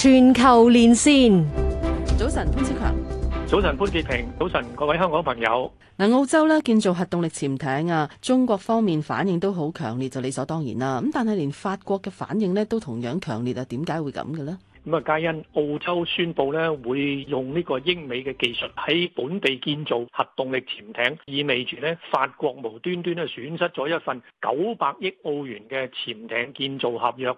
全球連線，早晨潘昭強，強早晨潘潔平，早晨各位香港朋友。嗱，澳洲呢建造核動力潛艇啊，中國方面反應都好強烈，就理所當然啦。咁但係連法國嘅反應呢都同樣強烈啊，點解會咁嘅呢？咁啊！皆因澳洲宣布咧會用呢個英美嘅技術喺本地建造核動力潛艇，意味住咧法國無端端咧損失咗一份九百億澳元嘅潛艇建造合約。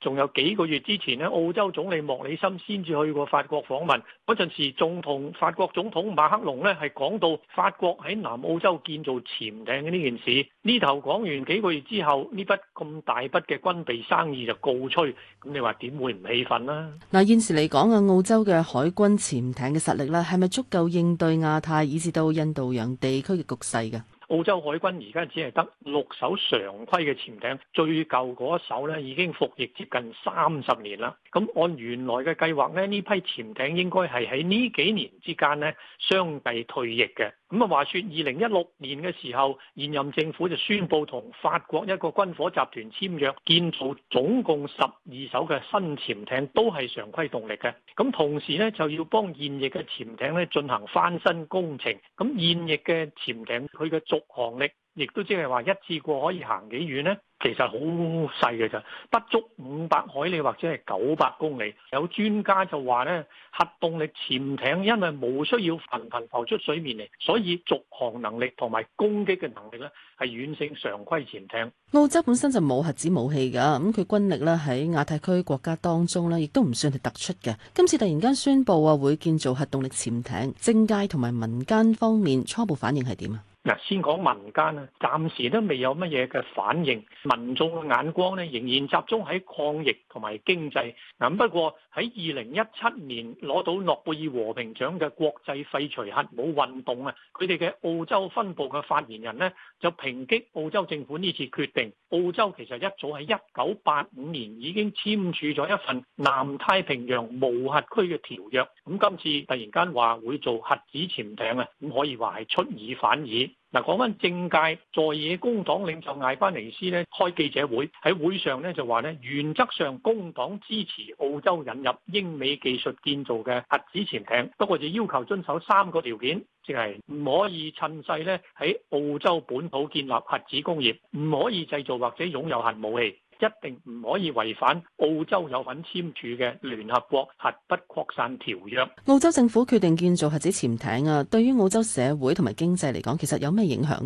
仲有幾個月之前咧，澳洲總理莫里森先至去過法國訪問，嗰陣時仲同法國總統馬克龍咧係講到法國喺南澳洲建造潛艇嘅呢件事。呢頭講完幾個月之後，呢筆咁大筆嘅軍備生意就告吹，咁你話點會唔氣憤啦？嗱，現時嚟講啊，澳洲嘅海軍潛艇嘅實力呢，係咪足夠應對亞太以至到印度洋地區嘅局勢㗎？澳洲海軍而家只係得六艘常規嘅潛艇，最舊嗰一艘呢已經服役接近三十年啦。咁按原來嘅計劃呢，呢批潛艇應該係喺呢幾年之間呢相繼退役嘅。咁啊，話說二零一六年嘅時候，現任政府就宣佈同法國一個軍火集團簽約，建造總共十二艘嘅新潛艇，都係常規動力嘅。咁同時呢，就要幫現役嘅潛艇呢進行翻新工程。咁現役嘅潛艇佢嘅續航力亦都即係話一次過可以行幾遠呢？其實好細嘅，咋，不足五百海里或者係九百公里。有專家就話咧，核動力潛艇因為冇需要頻頻浮出水面嚟，所以續航能力同埋攻擊嘅能力咧係遠勝常規潛艇。澳洲本身就冇核子武器噶，咁佢軍力咧喺亞太區國家當中咧，亦都唔算係突出嘅。今次突然間宣布啊，會建造核動力潛艇，政界同埋民間方面初步反應係點啊？先講民間啊，暫時都未有乜嘢嘅反應。民眾嘅眼光咧，仍然集中喺抗疫同埋經濟。不過喺二零一七年攞到諾貝爾和平獎嘅國際廢除核武運動啊，佢哋嘅澳洲分部嘅發言人呢就抨擊澳洲政府呢次決定。澳洲其實一早喺一九八五年已經簽署咗一份南太平洋無核區嘅條約。咁今次突然間話會做核子潛艇啊，咁可以話係出爾反爾。嗱，講翻政界，在野工黨領袖艾班尼斯咧開記者會，喺會上咧就話咧原則上工黨支持澳洲引入英美技術建造嘅核子潛艇，不過就要求遵守三個條件，即係唔可以趁勢咧喺澳洲本土建立核子工業，唔可以製造或者擁有核武器。一定唔可以違反澳洲有份簽署嘅聯合國核不擴散條約。澳洲政府決定建造核子潛艇啊，對於澳洲社會同埋經濟嚟講，其實有咩影響？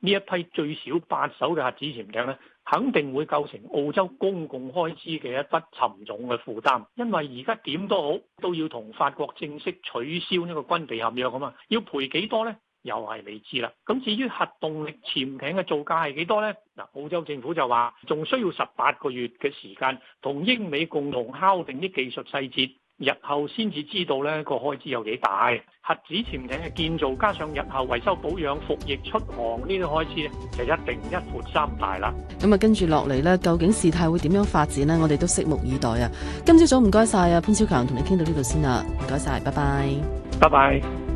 呢一批最少八艘嘅核子潛艇咧，肯定會構成澳洲公共開支嘅一筆沉重嘅負擔，因為而家點都好都要同法國正式取消呢個軍備合約啊嘛，要賠幾多咧？又係未知啦。咁至於核動力潛艇嘅造價係幾多呢？嗱，澳洲政府就話仲需要十八個月嘅時間，同英美共同敲定啲技術細節，日後先至知道呢個開支有幾大。核子潛艇嘅建造，加上日後維修保養、服役出航呢啲開支，就一定一闊三大啦。咁啊，跟住落嚟呢，究竟事態會點樣發展呢？我哋都拭目以待啊！今朝早唔該晒啊，潘昭強同你傾到呢度先啦，唔該晒，拜拜，拜拜。